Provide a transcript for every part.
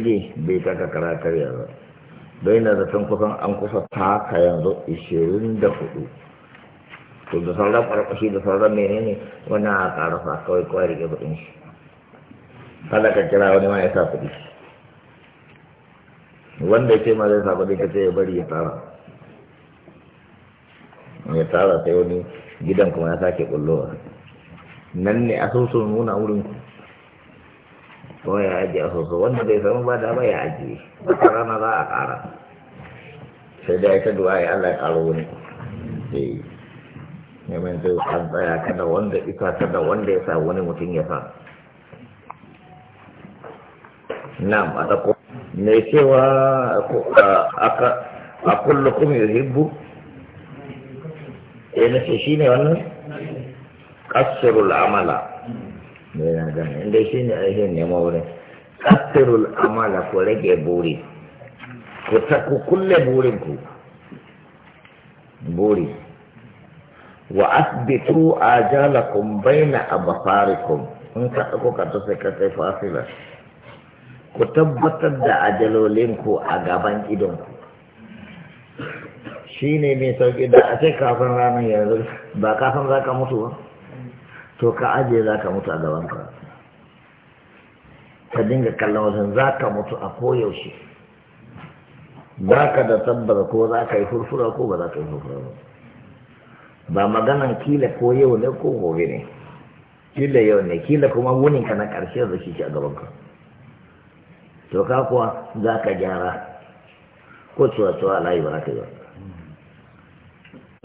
ne bai taka karatar yanzu don yana zaton kusan an kusa taka yanzu 24 to da sauran ƙarƙashi da sauran menene wannan a ƙarasa kawai kawai rike kuɗin shi kada ka kira wani ma ya sa kuɗi wanda ya ce ma zai sa kuɗi ka ce ya bari ya tara ya tara sai wani gidan kuma ya sake ƙullowa nan ne asusun nuna wurin ku ko ya ajiye asusu wanda bai samu ba da ba ya ajiye wata rana za a ƙara sai da ya ta duwa ya Allah ya karo wani eh. neman zai an tsaya kada wanda ita kada wanda ya sa wani mutum ya sa na'am a dako mai cewa a kullukum hibbu ya eh, nace ne wannan qasrul amala me yana gani inda shi ne ainihin nema wurin kasirul amala ku rage buri ku ta ku kulle burin ku buri wa asbitu ajalakum baina abfarikum in ka ɗauko ka ta sai ka sai fasila ku tabbatar da ajalolinku a gaban idonku shi ne mai sauki da a ce kafin ranar yanzu ba kafin za ka mutu ba to ka ajiye za ka mutu a gabanka ka dinga kallon wasan za ka mutu a koyaushe za ka da tabbar ko za ka yi furfura ko ba za ka yi furfura ba ba maganan kila ko yau ne ko gobe ne kila yau ne kila kuma ka na karshe da shi a ka, to ka kuwa za ka gyara ko cewa-cewa layi ba za ka yi ba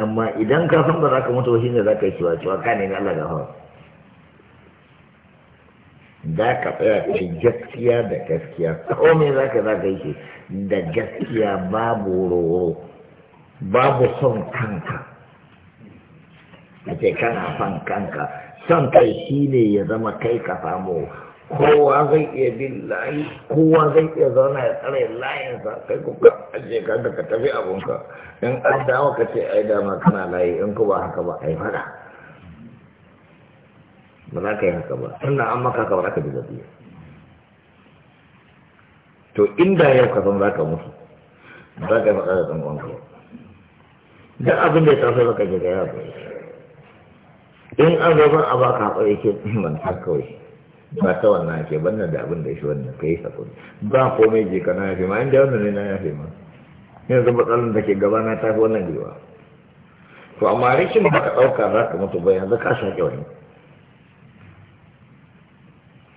amma idan ka san ba za ka mutu shi ne za ka yi cewa-cewa ka ne Allah ga hawa za ka tsaya ce gaskiya da gaskiya me za ka zaka yi da gaskiya babu roro babu son kanka a kana son kanka son kai shi ne ya zama kai ka samu kowa zai iya bin layi kowa zai iya zauna ya tsare layinsa kai kuka ajiye ka da ka tafi abunka in an dawo ka ce ai dama kana layi in ku ba haka ba ai fada ba za ka yi haka ba sannan an maka haka ba za ka bi biyu to inda yau ka san za ka mutu za ka faɗa da ɗan uwanka da abin da ya tafi za ka je ga yaro in an zo ban a baka haƙuri ke ban ta kawai ba ta wannan ke na da abin da ya shi wannan ka yi haƙuri ba komai je ka na yafe ma inda wannan ne na yafe ma yanzu matsalar da ke gaba na tafi wannan gwiwa. to amma rikin ba ka ɗauka za ka mutu ba yanzu ka shaƙe wani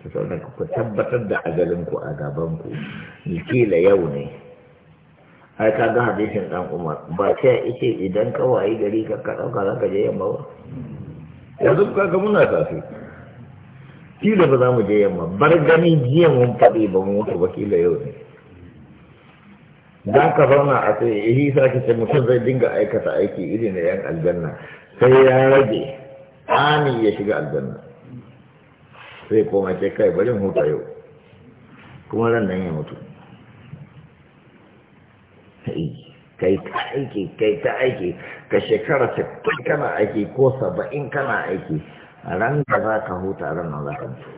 saboda ku tabbatar da ajalinku a gabanku kila yau ne ai ka ga hadisin dan umar ba sai ice idan ka wayi gari ka ka dauka zaka je yamma ba yanzu ka ga muna tafi kila ba za mu je yamma bar gani jiya mun faɗi ba mu mutu ba kila yau ne dan ka zauna a sai sai ka ce mutum zai dinga aikata aiki irin na yan aljanna sai ya rage ani ya shiga aljanna sai koma ce kai bari huta yau kuma ran nan ya mutu kai ta aiki kai ta aiki ka shekara ta kana aiki ko saba'in kana aiki a ran da za ka huta ran nan za ka mutu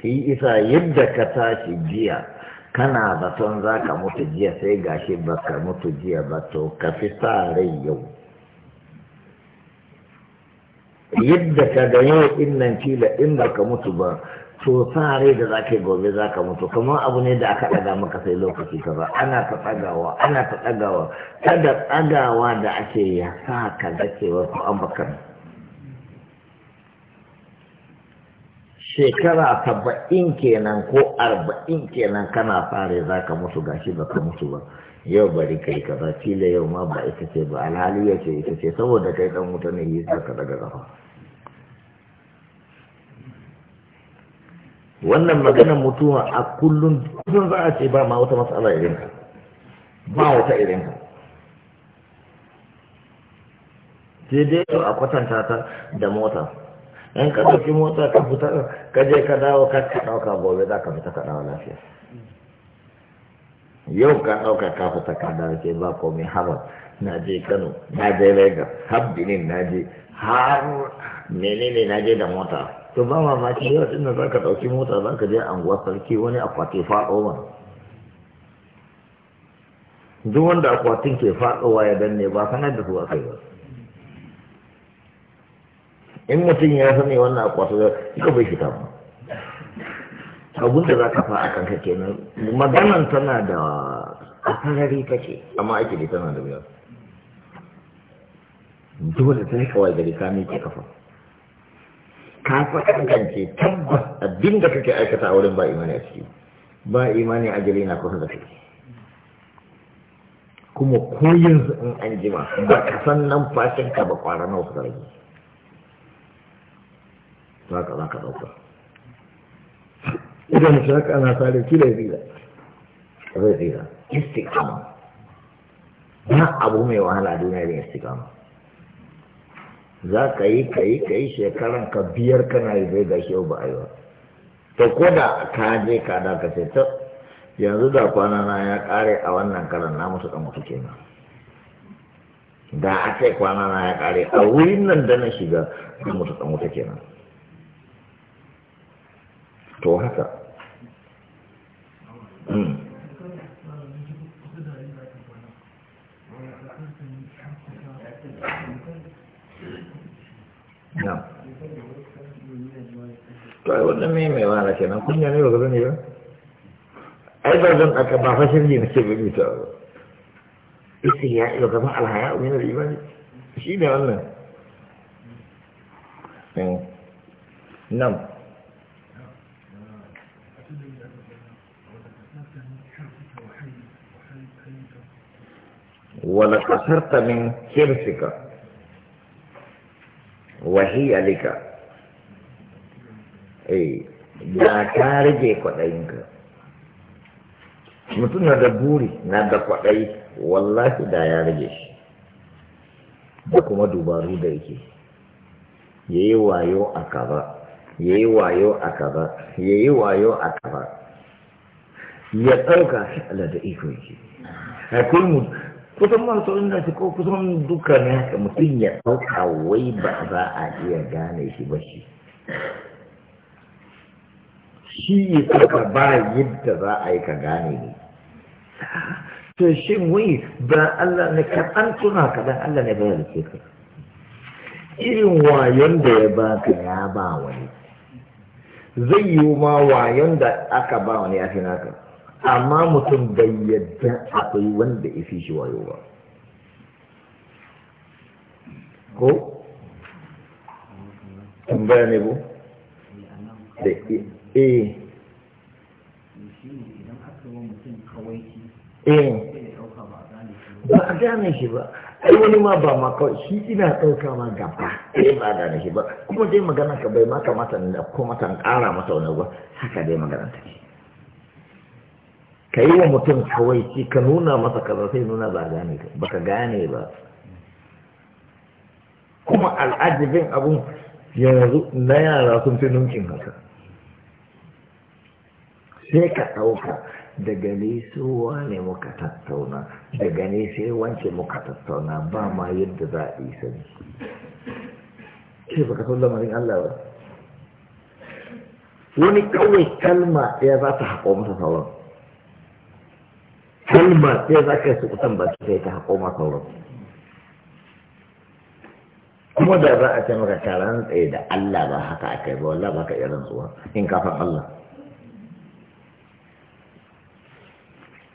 ki isa yadda ka tashi jiya kana zaton za ka mutu jiya sai gashi ba ka mutu jiya ba to ka fi sa rai yau yadda ka ga yau in nan kila in ba ka mutu ba to rai da za ka gobe za ka mutu kamar abu ne da aka ɗaga maka sai lokaci ka ba, ana ta tsagawa ana ta tsagawa kada tsagawa da ake ya sa ka ga cewa ko an baka shekara saba'in kenan ko arba'in kenan kana fare za ka mutu gashi ba ka mutu ba yau bari kai kaza kila yau ma ba ita ce ba alhali ya ce ita ce saboda kai dan wuta ne yi ka daga kafa wannan maganar mutuwa a kullum sun za a ce ba ma wata matsala irin ka ba wata irin ka sai dai yau a kwatanta ta da mota in ka ɗauki mota ka fita ka je ka dawo ka ɗauka gobe za ka fita ka dawo lafiya yau ka ɗauka kafa takarda ce ba komai harvard na je kano na je lagos har benin na je har menene na je da mota to ba mamaki yau din da zaka ɗauki mota zaka je anguwa sarki wani akwati faɗo duk wanda akwatin ke faɗowa ya danne ba sanar da su kai ba in mutum ya sani wannan akwati ya bai fita ba abun da za ka fa a kanka kenan maganan tana da asarari kake amma ake da tana da wuya dole sai kawai gari sami ke kafa ka fa kankance tabbas abin da kake aikata a wurin ba imani a ciki ba imani a gari na kusa da kai kuma koyin su in an jima ba ka san nan fashin ka ba kwara nawa suka rage za ka za ka ɗauka idan shi haka ana sare ki da rira zai rira istikama na abu mai wahala duniya da istikama, za ka yi ka yi ka yi shekaran ka biyar kana yi zai gashi yau ba a yi ba to ko da ka je ka da ka ce ta yanzu da kwana na ya kare a wannan karan na musu dan mutu kenan da a ce kwana na ya kare a wurin nan da na shiga na mutu dan mutu kenan to haka hmm. to wannan mai mai wala kenan kunya ne ba ka sani ba ai ba zan aka ba fa shirji na ce bai ta isi ya ilo gaban alhaya min al imani shi ne wannan hmm. nan wala kasarta min hirsika wahiya lika eh da ka rage ka. mutum na da buri na da kwaɗayi wallahi da ya rage shi da kuma dubaru da yake ya yi wayo a kaza ya yi wayo a kaza ya yi wayo a kaza ya ɗauka shi ala da iko yake kusan masu inda su ko kusan duka ne haka mutum ya ɗauka wai ba za a iya gane shi ba shi shi ya ɗauka ba yadda za a yi ka gane ne to shin wai ba Allah ne ka an tuna ka dan Allah ne bayar da ke ka irin wayon da ya ka ya ba wani zai yi ma wayon da aka ba wani ya fi naka amma mutum bai yadda akwai wanda ya fi shi wayo ba ko tambaya ne bu? da e ba a gane shi ba ai wani ma ba ma kawai shi ina ɗauka ma gaba ɗaya ba a gane shi ba kuma dai magana ka bai ma kamata na kuma mata ƙara masa wani ba haka dai magana ta ke ka yi wa mutum hawaici ka nuna masa kaza sai nuna ba gane ba ka gane ba kuma al'ajibin abun yanzu na yara sun fi nunkin haka sai ka ɗauka daga nesuwa ne muka tattauna daga nesa sai wance muka tattauna ba ma yadda za a yi sani ce baka san lamarin Allah ba wani kawai kalma ya za ta haƙo masa sauran kalma sai za ka yi sukutan ba su kai ta haƙo maka wurin kuma da za a ce maka taron tsaye da Allah ba haka a kai ba wallah ba ka iya rantsuwa in kafin Allah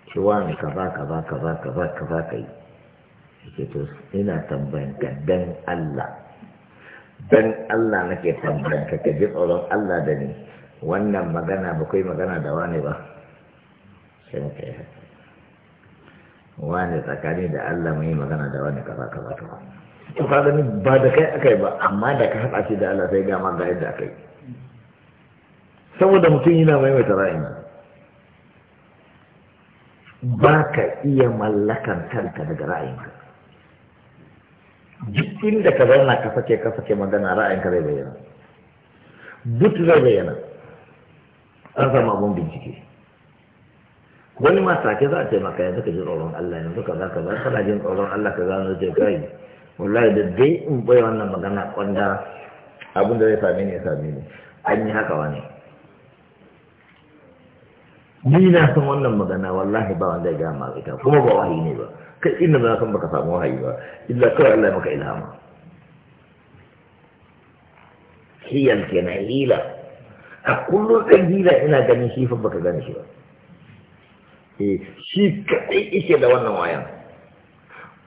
ciwa ka ba ka ba ka ba ka ba ka ba ka yi ke to ina tambayan ka dan Allah dan Allah nake tambayan ka ka ji tsoron Allah da ni wannan magana ba kai magana da wani ba sai ka yi haka wani tsakani da Allah mai magana da wani kaza kaza kaza to ka ba da kai akai ba amma da ka haɗa shi da Allah sai ga ga yadda akai saboda mutum yana maimaita ra'ayi ba ka iya mallakan kanka daga ra'ayinka duk inda ka zauna ka sake ka sake magana ra'ayinka zai bayyana duk zai bayyana an samu abun bincike wani ma take za a ce maka yanzu ka ji tsoron Allah yanzu ka za ka ba kana jin tsoron Allah ka gano ce kai wallahi da dai in bai wannan magana kwanda abin da zai same ni ya same ni an yi haka wani ni na san wannan magana wallahi ba wanda ya gama ita kuma ba wahayi ne ba kai inda ba san baka samu wahayi ba illa kawai Allah ya maka ilhama hiyal kenan hila a kullum ɗan hila ina ganin shi fa baka gane shi ba Eh, shi kaɗai ike da wannan wayan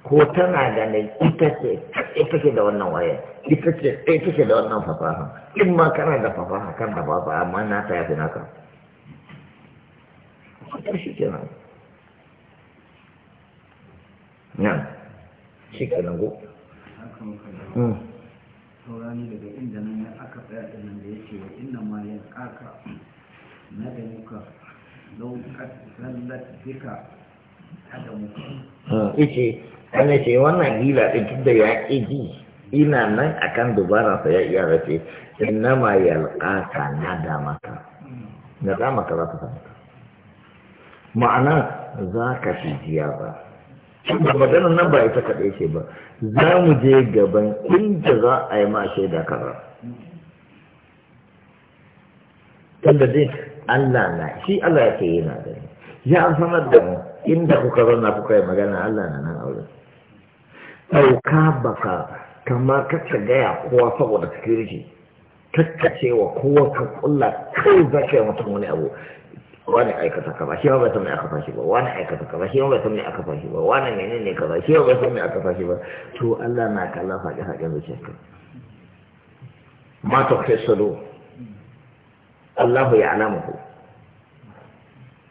ko tana ganin ita ce kaɗai take da wannan wayan ita ce ɗaya take da wannan fasaha in ma kana da fasaha kan da fasaha amma na ta yafi naka shi kenan nan shi kenan go hmm. saurani daga inda nan aka tsaya da nan da yake wa inna ma yan kaka na da muka duka Ice, wani ce wannan gila ɗin tun da ya ƙi ji ina nan a kan dubararsa ya iya rafe inna ma yalƙaka na damaka na damaka za ka samu ma'ana za ka fi jiya ba da maganar nan ba ita kaɗai ce ba za mu je gaban inda za a yi ma shaida kaza tunda dai Allah na shi Allah ya ce yana da ni ya sanar da mu inda kuka zauna kuka yi magana Allah na nan aure ɗauka baka kamar kacce gaya kowa saboda security kacce wa kowa ka kulla kai za ka yi mutum wani abu wani aikata kaza shi ba bai san me aka fashi ba wani aikata kaza shi ba bai san me aka fashi ba wani menene kaza shi ba bai san me aka fashi ba to Allah na kallon faɗi-faɗin zuciyarka ma ta kai salo Allahu ya alamuhu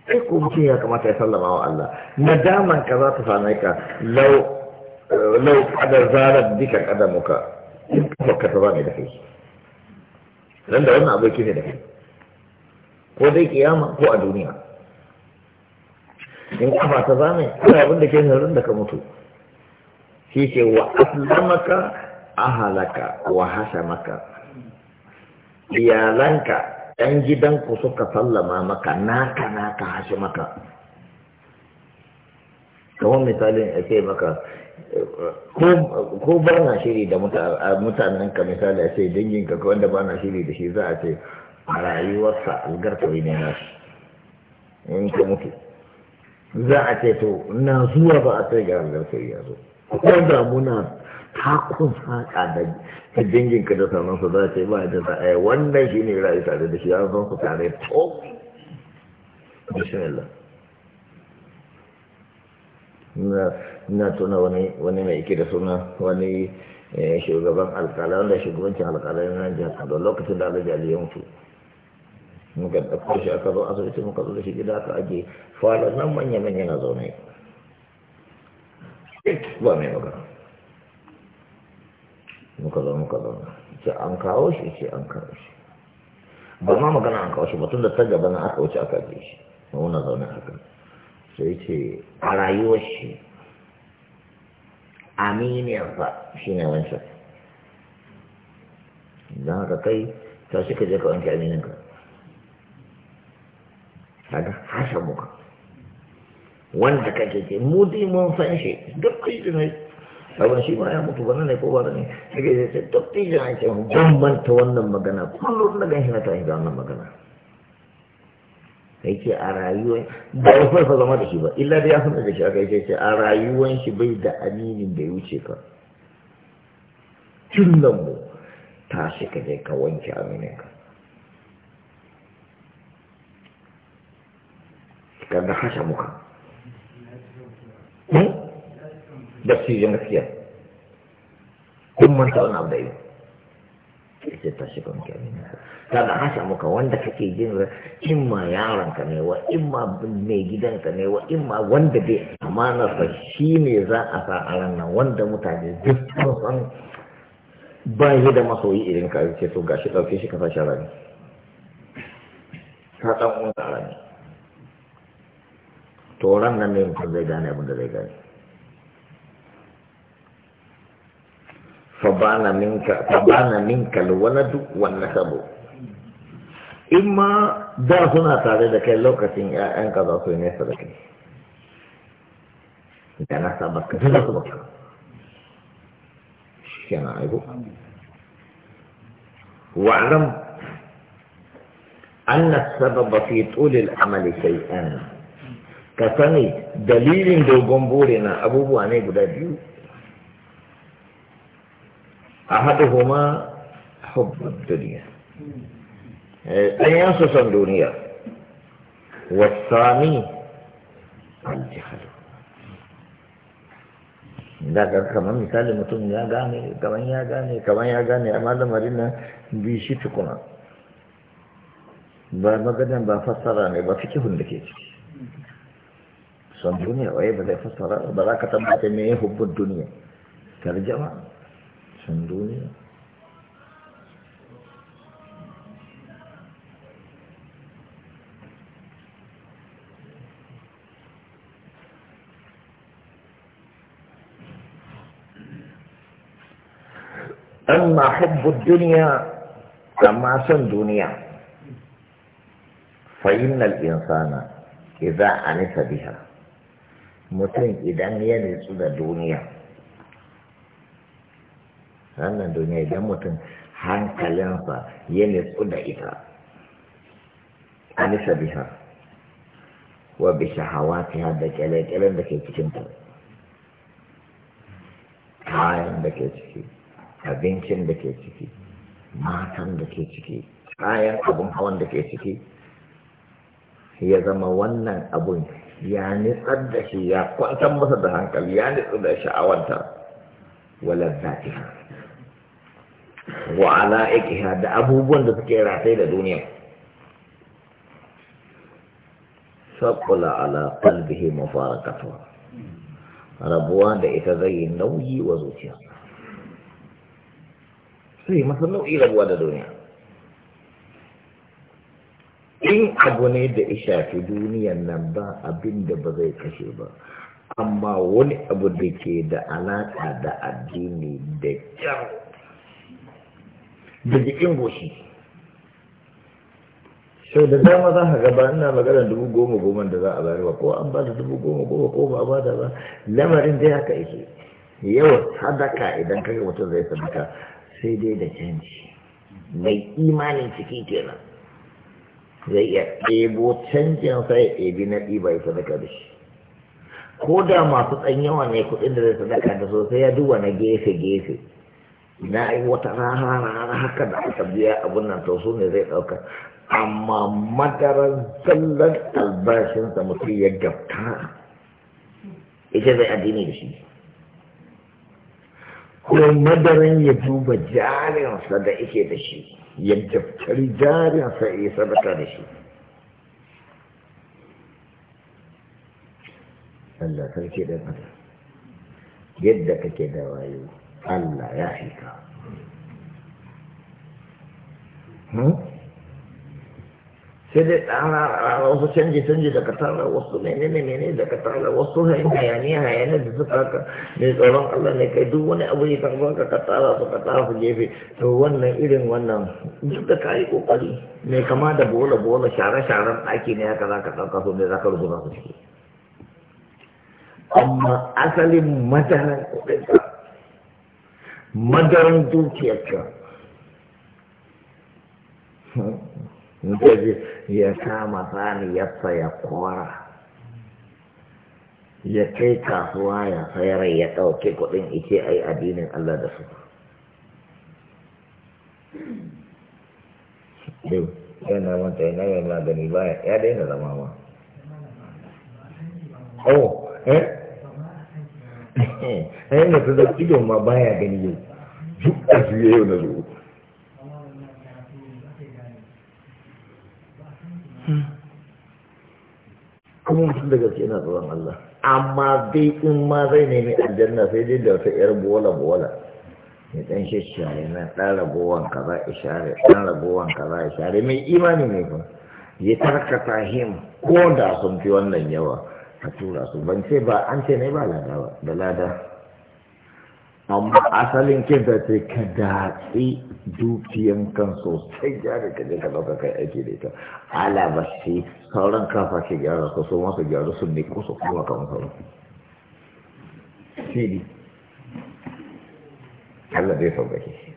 sai ko mutum ya kamata ya sallama wa Allah nadaman ka za ta same ka lau eh, lau kada zarar bika kada muka in kafa ka ta zame da kai nan da wannan abu ne da kai ko dai kiyama ko a duniya in ba ta zame kada abin da ke nan da ka mutu shi ke wa aslamaka ahalaka wa maka iyalanka ‘yan gidanku suka sallama maka naka naka hashi maka kamar misalin a ce maka ko ba na shiri da mutanen ka misali a ce danginka ko wanda ba na shiri da shi za a ce a rayuwarsa algarkari ne na shi in ka mutu za a ce to na zuwa ba a ce ga algarkari ya zo ko da muna takun saƙa da danginka da sauransu za ta yi ba da a yi wannan shi ne ra'ayi tare da shi an san su tare to bismillah na tuna wani mai ike da suna wani eh, shugaban alƙalai wanda shugabancin alƙalai na jihar kado lokacin da alajar yi ya mutu muka ɗauko shi aka zo asibiti muka zo da shi gida aka ajiye fara nan manya-manya na zaune ba mai magana muka zo muka zo ce an kawo shi ce an kawo shi ba ma magana an kawo shi ba tun da ta gaba na aka wuce aka ce shi na wuna zaune haka sai ce a rayuwar shi aminiyar fa shi ne wancan don haka kai ta shi ka je ka wanke aminin ka kaga hasha muka wanda kake ce mu dai mun san shi duk kai ne sauran shi ma ya mutu ba ne ko ba ne daga ya ce dattijan ya ce bambanta wannan magana kullum na ganshi na tashi wannan magana kai ce a rayuwar ba ya farfa zama da shi ba illa da ya sanar da shi aka yi ce a rayuwar shi bai da aminin da ya wuce ka tun nan mu shi ka je ka wanke aminin ka ka ga hasha muka hmm? dattijan gaskiya kun manta wani abu da yi ita ta shi kan kyau ne ta da hasa muka wanda kake jin in ma ka ne wa in ma mai gidanka ne wa in ma wanda bai amana fa shi ne za a sa a ran nan wanda mutane duk sun san ba yi da masoyi irin ka ce to gashi dauke shi ka sa rani ka ɗan uwan rani to ran nan ne mutum zai gane abin da zai gane فبان منك فبان منك الولد والنسب إما دا سنة تعالى لك لوكة أنك ذا سنة لك دا نسبك نسبك شكرا عيبو نعم، واعلم أن السبب في طول العمل شيئان كثني دليل دو جنبورنا أبوه أنا قد أبيو أحدهما حب الدنيا أي ينصص الدنيا والثاني الجهل لكن كما مثال متون يا غاني كما يا غاني كما يا غاني أما لما رينا بيشي تكونا ba magana ba fassara ne ba fi kihun da ke ci son duniya waye ba zai صندوقي أما حب الدنيا أما سن دنيا فإن الإنسان إذا أنس بها متن إذا ينس الدنيا wannan duniya idan mutum hankalinsa ya nitsu da ita a nisa biha wa bi shahawatiha da kyale-kyalen da ke cikin ta kayan da ke ciki abincin da ke ciki matan da ke ciki kayan abun hawan da ke ciki ya zama wannan abun ya nitsar da shi ya kwantar masa da hankali ya nitsar da sha'awanta wala zatiha wa ala'ikiha da abubuwan da suke rataye da duniya shakula ala qalbihi mafarakatu rabuwa da ita zai nauyi wa zuciya sai masa nau'i rabuwa da duniya in abu ne da ya shafi duniyan nan ba abin da ba zai kashe ba amma wani abu da ke da alaƙa da addini da kyau da jikin goshi sau da dama za ka gaba ina magana dubu goma goma da za a bari ba ko an ba da dubu goma goma ko ba ba da ba lamarin dai haka yake yawan sadaka idan kai mutum zai sadaka sai dai da canji mai imanin ciki kenan zai iya ɗebo canjin sai ya ɗebi na ɗiba ya sadaka da shi ko da masu tsanyawa ne kuɗin da zai sadaka da sosai ya duba na gefe-gefe na yi wata rana haka da aka biya abin nan to su ne zai ɗauka amma madarar zallan albashinsa mutum ya gabta ita zai addini da shi ko madaran ya duba jarinsa da ike da shi ya daftari jarinsa ya sadaka da shi Allah sarki da yadda kake da wayo Allah ya hika hmm? sai dai tsara wasu canji canji da katara wasu menene menene da katara wasu hayaniya hayaniya da suka haka mai tsoron Allah ne kai duk wani abu ya karba ka katara su katara su gefe to wannan irin wannan duk da kayi kokari mai kama da bola bola share sharen ɗaki ne haka za ka ɗauka su ne za ka rubuta su ciki amma asalin matanan kuɗin madaran dukiyarka ya kama saniyarsa ya kora ya kai kasuwa ya sayar ya ɗauke kuɗin ice a yi Allah da su yau yana magani baya ya daina zama ma oh eh a yanda ta zai idon ma baya gani yau duk a juye yau na zuwa kuma mutum da gaske yana tsoron Allah amma dai in ma zai nemi aljanna sai dai da wata yar bola bola ya dan shashsha yana dan ragowan kaza ishare dan ragowan kaza ishare mai imani ne fa ya tarkata him ko da sun fi wannan yawa ka tura su ban ce ba an ce ne ba lada ba da lada amma asalin kinta ce ka datsi dukiyan kan sosai gyara ka je ka ɗauka kai aiki da ita ala ba shi sauran kafa ke gyara su su masu gyara su ne ko su kuma kan sauran shi Allah bai sauƙaƙe shi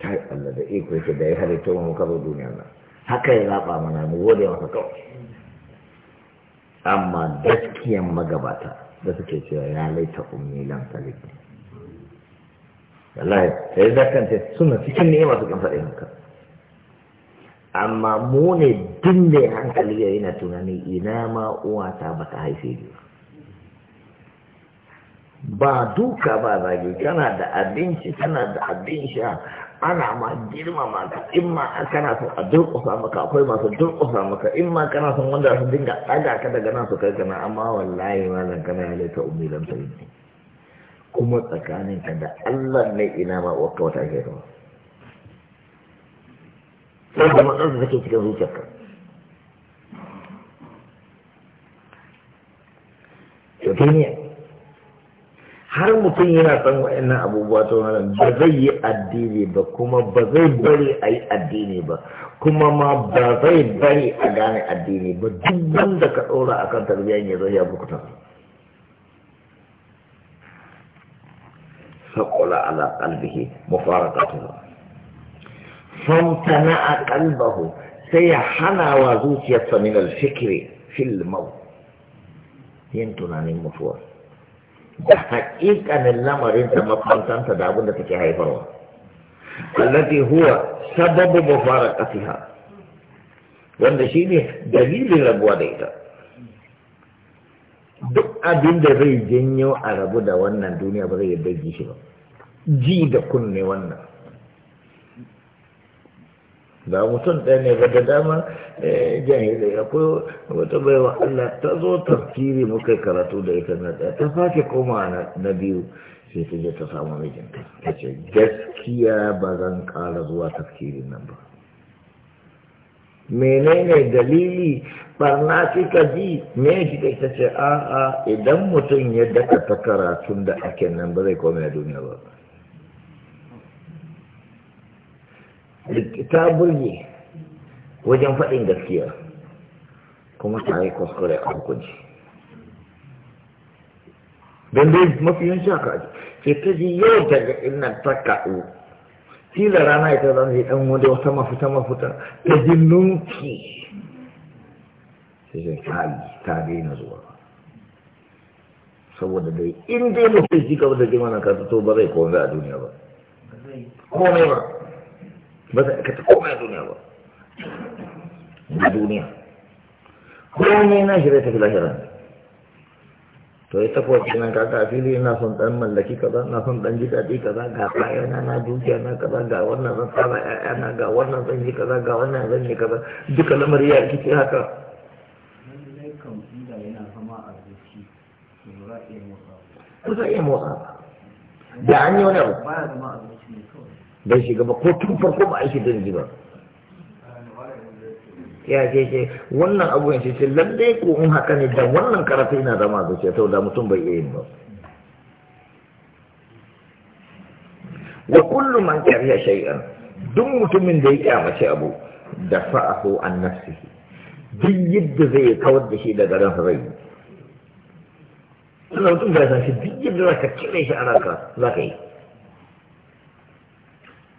kai Allah da iko yake da ya halitta mu muka zo duniyar nan haka ya zaɓa mana mu gode masa kawai amma gaskiyan magabata da suke cewa ya laita ummi lam talik wallahi sai da kan suna cikin ne masu kan faɗin haka amma mu ne din da hankali ya na tunani ina ma uwata ta baka haife ni ba duka ba zage kana da abinci kana da abin sha ana ma girmama ka in ma kana son a durƙusa maka akwai masu durƙusa maka in ma kana son wanda su dinga ɗaga ka daga nan su kai kana amma wallahi zan kana ya laita umilan ta yi kuma tsakanin ka da Allah ne ina ma wata kawata ke zama sai da matsar da take cikin ka to duniya har mutum yana san wa'annan abubuwa to ba zai yi addini ba kuma ba zai bari a yi addini ba kuma ma ba zai bari a gane addini ba duk wanda ka ɗora akan tarbiyyar ya zo ya bukuta saƙola ala ƙalbihi mufarakatuhu famtana a ƙalbahu sai ya hana wa zuciyarsa min alfikiri fil maut yin tunanin mutuwarsa da haƙiƙanin lamarin ta mafantanta da abin da take haifarwa allati huwa sababu ƙasiha wanda shine dalilin rabuwa da ita duk abin da zai janyo a rabu da wannan duniya ba zai yarda ji shi ba ji da kunne wannan ba mutum ɗaya ne ba da dama eh, jahilai akwai wata baiwa Allah ta zo tafsiri muka karatu da ita na ɗaya ta sake koma na biyu sai ta je ta samu mijinta ta ce gaskiya ba zan ƙara zuwa tafsirin nan ba menene dalili barna kika ji me kika ita ce a'a idan mutum ya daka ta karatun da ake nan ba zai koma duniya ba ta burge wajen faɗin gaskiya kuma ta yi kuskure a hukunci don dai mafi yin shaka ce ta ji yau daga ina ta kaɗu kila rana ita zan yi ɗan wanda wata mafuta mafuta ta ji nunki sai zai kayi ta daina zuwa saboda dai in dai mutum shi gaba da jima na karatu to ba zai a duniya ba komai ba Baza zai komai a duniya ba na duniya komai na shi zai tafi lahira to ya tafi wasu nan kaka a fili na son dan mallaki kaza na son dan ji daɗi kaza ga kayana na dukiya na kaza ga wannan zan tsara na, ga wannan zan yi kaza ga wannan zan yi kaza duka lamari ya ce haka kusa iya motsa ba. da an yi wani abu bai shiga ba ko tun farko ba aiki dan shi ba ya ke ke wannan abu yanzu ce lalle ko in haka ne da wannan karatu ina zama zuciya sau da mutum bai iya yin ba wa kullu man kariya shay'an duk mutumin da ya kyamace abu da fa'ahu an nafsihi duk yadda zai kawar da shi daga ran rai wannan mutum bai san shi duk yadda zaka cire shi a ranka zaka yi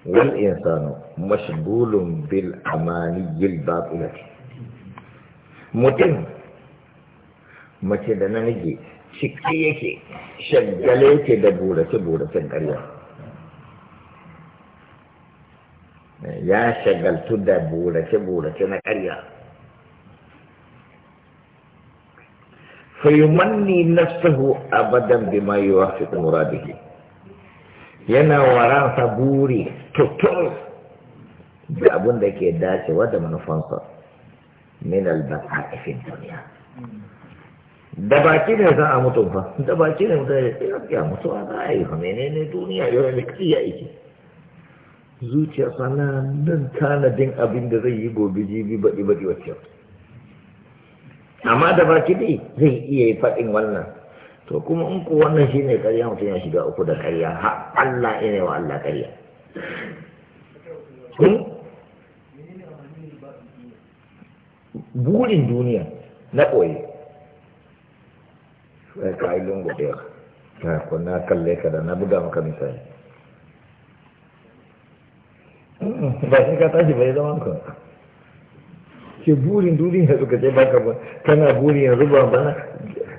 bil amani bil الباطلة mutum mace da namiji ciki yake shaggale yake da burace-buracen ƙarya ya shagaltu da burace-burace na ƙarya yumanni nafsuhu abadan bima yuwafiqu muradihi yana waransa buri tutur da abin da ke dacewa da manufansa min albaka a fin duniya da baki ne za a mutu fa da baki ne mutum ya ce ya mutu a za a yi fa menene duniya yau ne kai ya yake zuciya sana nan tanadin abin da zai yi gobe jibi baɗi baɗi wacce amma da baki ne zai iya yi faɗin wannan to kuma in ku wannan shi ne ƙarya mutum ya shiga uku da ƙarya ha Allah ne wa Allah ƙarya hmm? burin duniya na ɓoye sai ka yi lungu ɗaya ta kuna kalle ka da na buga maka misali hmm, ba shi ka tashi bai zama ka ke burin duniya suka ce baka ba kana burin yanzu ba bana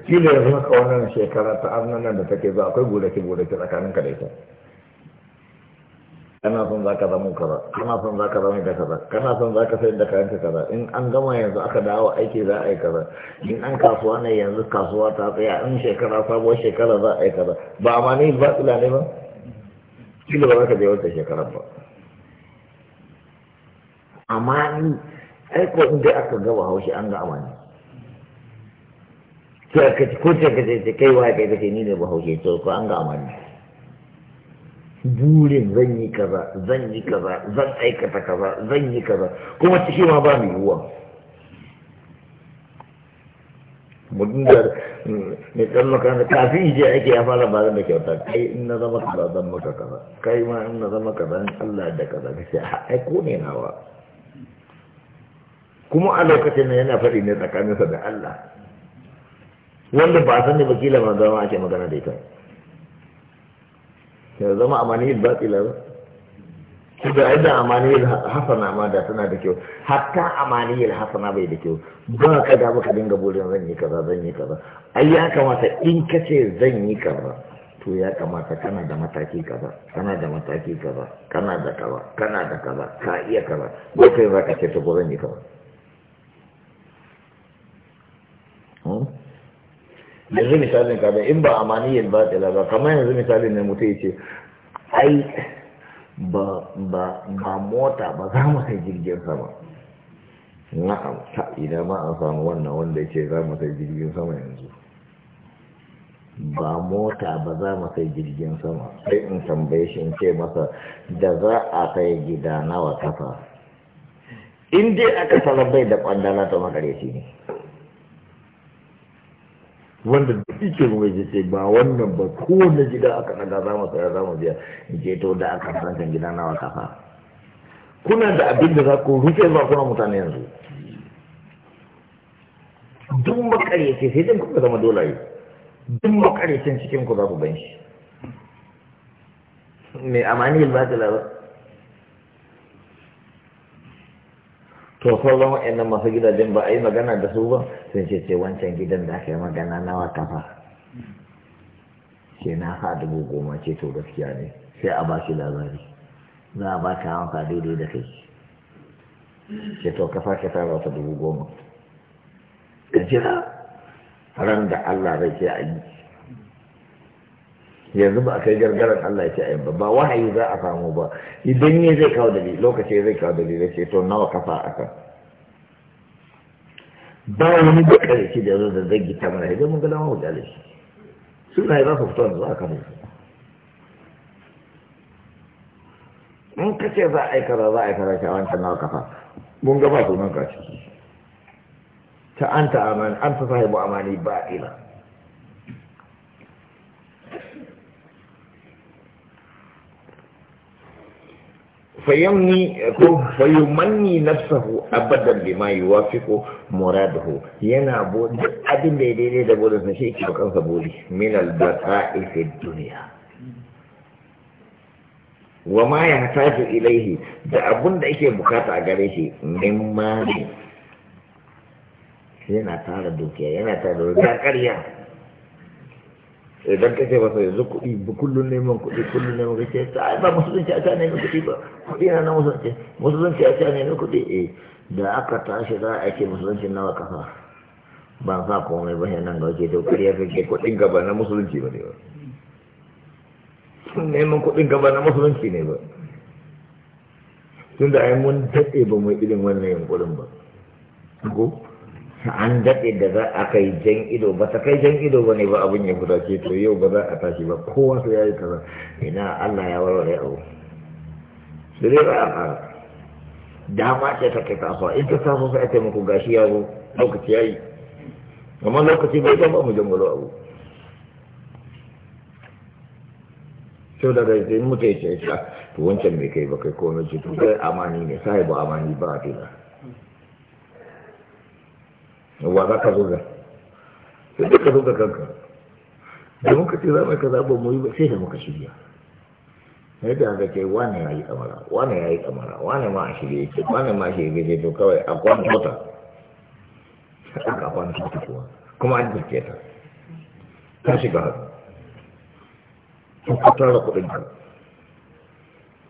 kila yanzu haka wannan shekara ta nan da take zuwa akwai gudake gudake tsakanin ka da ita kana son za ka zama kaza kana son za ka zama da kaza kana son za ka sayar da kayan ka kaza in an gama yanzu aka dawo aiki za a yi kaza in an kasuwa ne yanzu kasuwa ta tsaya in shekara sabuwar shekara za a yi kaza ba ma ni ba tsila ne ba kila ba za ka je wata shekara ba amma ni aiko in dai aka gaba haushi an ga amani tarkaci ko tarkaci ka ce kai wa kai kake ni ne bahaushe to ko an ga amana burin zan yi kaza zan yi kaza zan aikata kaza zan yi kaza kuma ciki ma ba mu yiwuwa mutum da mai ɗan makaranta kafin je ake ya fara ba da kyauta kai in na zama kaza zan maka kaza kai ma in na zama kaza in Allah da kaza kace ce ai ko ne nawa kuma a lokacin nan yana faɗi ne tsakaninsa da Allah wanda ba sani ba kila ma zama ake magana da ita ya zama amaniyar batila ba su da yadda amaniyar hasana ma da tana da kyau hatta amaniyar hasana bai da kyau ba ka da ka dinga burin zan yi kaza zan yi kaza ai ya kamata in ka ce zan yi kaza to ya kamata kana da mataki kaza kana da mataki kaza kana da kaza kana da kaza ka iya kaza ba kai za ka ce ta zan yi kaza hmm? yanzu misalin kada in ba amaniyin batila ba kamar yanzu misalin ne mutu ya ce ai ba ba ba mota ba za mu sai jirgin sama na'am ta idan ma an samu wannan wanda ya ce za mu sai jirgin sama yanzu ba mota ba za mu sai jirgin sama sai in tambaye shi in ce masa da za a kai gida nawa kafa in dai aka salar bai da kwandala ta makareci ne wanda da yake ruwa ya ce ba wannan ba kowane gida aka daga za mu saya za mu biya in ce to da aka san gida nawa kafa kuna da abin da za ku rufe ba kuna mutane yanzu duk makaryace sai dai kuka zama dolaye duk makaryacin cikin ku za ku ban shi mai amani ba ta labar to sauran wa'annan masu gidajen ba a yi magana da su ba sun ce ce wancan gidan da aka yi magana nawa kafa ke na ha dubu goma ce to gaskiya ne sai a ba shi labari za a ba ka hanka daidai da kai ce to kafa ka tara ta dubu goma ka jira ran da Allah zai ce a yi yanzu ba a kai gargaran Allah ya ce ayin ba ba wahayi za a samu ba idan ne zai kawo dalili lokaci zai kawo dalilai ce to nawa kafa a ba wani da karshe da yanzu da zai gita mana idan mun ga lawan wajale shi suna za su fito yanzu a kan su in ka ce za a aikata za a aikata shi a wancan nawa kafa mun ga ba sunan ka ciki ta anta aman anta sahibu amani ba ila fayyanni ko fayyumanni nafsahu abadan bi ma yuwafiqu muraduhu yana bodi abin da daidai da bodi sun shi ko kansa bodi min al bata'i fi dunya wa ma yahtaju ilayhi da abunda ake yake bukata a gare shi min mali yana tara dukiya yana tara da kariya idan ka ce masa yanzu kuɗi kullum neman kuɗi kullum neman kuɗi ta ai ba zance a ta neman kuɗi ba kuɗi na na musu zance a ta neman kuɗi eh da aka tashi za a ce zance nawa kasa ba sa komai ba ne nan ga wace to kariya kake kuɗin gaba na zance ba ne ba neman kuɗin gaba na zance ne ba tun da ai mun daɗe ba mu irin wannan yankurin ba ko an daɗe da za a kai jan ido ba ta kai jan ido ba ne ba abin ya gudace to yau ba za a tashi ba kowa su ya yi kaza ina Allah ya warware abu su dai ba a fara dama ce ta kai kasuwa in ta samu sai a taimako gashi ya zo lokaci ya yi amma lokaci bai zama mu jangalo abu sau da zai sai mutu ya ce ah, to wancan bai kai ba kai komai ce to kai amani ne sai ba amani ba a fila wa za ka zuga sai duka zuga kanka da muka ce za mu kaza zaɓa mu yi ba sai da muka shirya Na yadda aka ce wane ya yi kamara wane ya yi kamara wane ma a shirya yake wane ma shi gaje to kawai a a kwan kwantota kuwa kuma an jirke ta ta shiga haka ta tara kuɗin ka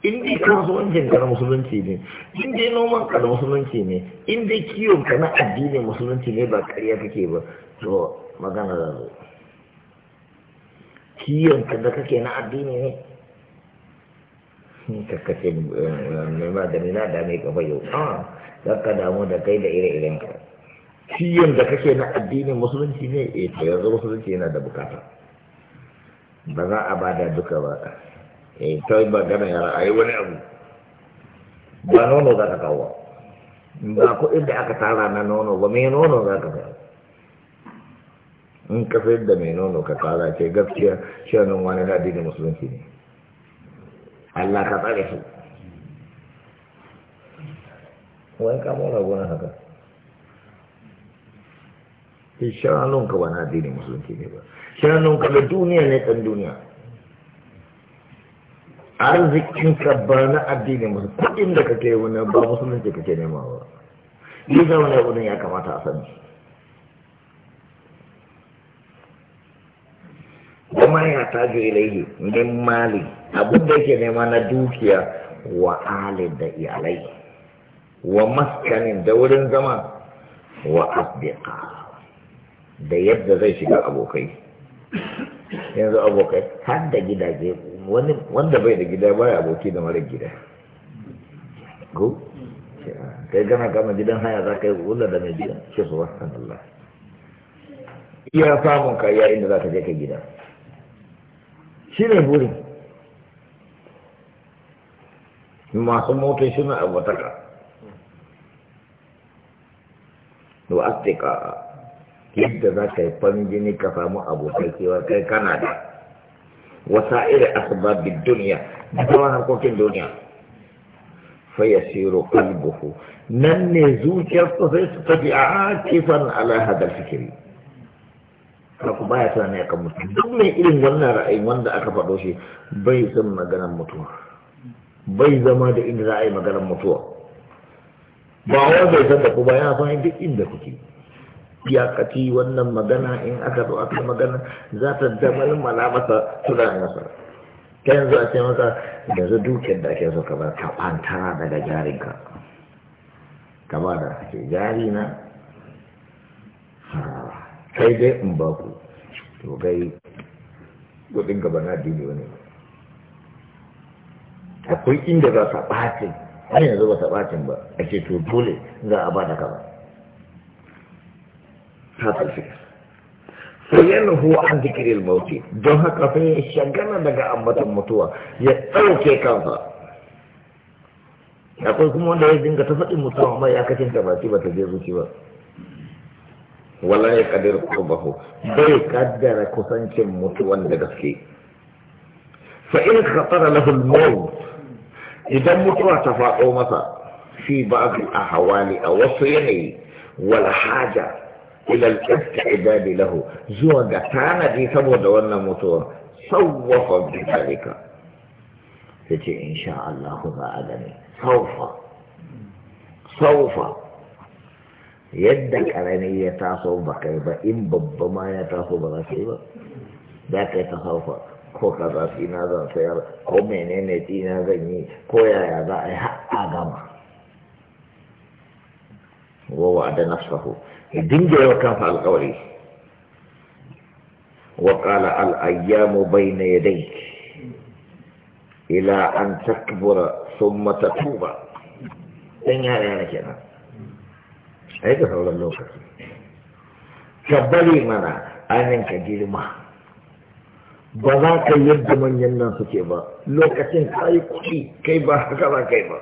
in dai kasuwancin ka na musulunci ne in dai noman ka na musulunci ne in dai kiwon ka na addinin musulunci ne ba ƙarya kake ba to magana da zo kiwon ka da kake na addini ne hmm, ka kace eh, mai ba da nina da mai gaba yau a ah, za ka damu da kai da ire-iren ka kiwon da kake na addinin musulunci ne ya eh, to yanzu musulunci yana da bukata ba za a bada duka ba eh kai ba gana yara a wani abu ba nono za ka kawo ba ko inda aka tara na nono ba mai nono za ka kawo in ka sayar da mai nono ka tara ce gaskiya shanin wani na addinin musulunci ne Allah ka tsare su wani kamo na gona haka eh, shanun ka ba na addinin musulunci ne ba shanun ka da duniya ne ɗan duniya arzikin ka ba na addinin musu kudin da kake wani ba musulunci kake nema ba yi zama ne kudin ya kamata a sani kuma ya tajo ilaihi min mali abin da yake nema na dukiya wa alin da iyalai wa maskanin da wurin zama wa asdiqa da yadda zai shiga abokai yanzu abokai har da gidaje wani wanda bai da gida ba ya aboki da mara gida go kai gana kama gidan haya za ka yi wula da mai gidan ce su wasan Allah iya samun ka iya inda za ka je ka gida shi ne burin masu motar suna abataka da astika yadda za ka yi fangini ka samu abokai cewa kai kana da وسائر أسباب الدنيا دوانا كوكين الدنيا فيسير قلبه نن زوج يستطيع عاكفا على هذا الفكر Aku baya tunanin akan mutu. Duk mai irin wannan ra'ayin wanda aka faɗo shi bai san maganar mutuwa. Bai zama da inda za a yi maganar mutuwa. Ba wai bai san da ku ba ya duk inda kuke. yakati wannan magana in aka zo aka magana za ta damal mala masa tunaninsa ta yanzu a ce masa da zu dukiyar da ake so ka bar ka kwanta daga jarinka ka ba da ake jari na kai dai in ba ku to kai kudin gaba na dini wani akwai inda za ta ɓacin har yanzu ba ta ɓacin ba ake to dole za a ba da ka ba هذا الفكر فينهو عن ذكر الموت don haka fa ya shagana daga ambatan mutuwa ya ɗauke kansa akwai kuma wanda ya dinga ta faɗin mutuwa amma ya kacin ta baki ba ta je zuci ba wala ya kadir qurbahu bai kaddara kusancin mutuwan da gaske fa in khatara lahu al idan mutuwa ta faɗo masa fi ba'd al-ahwali a wasu yanayi wala haja الى الفتح عبادي له زوجة تانا دي تبود وانا مطور سوف بذلك تجي ان شاء الله ما ادني سوف سوف يدك على نية تاسو بقيبة إن بب ما يتاسو بقيبة ذاك يتخوف كو كذا في نظر سيارة كو منين تي نظر كو يا يا ذا حق إيه، آدمك wa da nafsahu ya dinga yawa kanfa alkawari wa kala al'ayyamu bai na ya ila an takbura sun mata tuba ɗan yara yana ke nan a yi ga sauran lokaci mana ainihin ka girma ba za ka yadda manyan nan suke ba lokacin ka yi kuɗi kai ba haka ba kai ba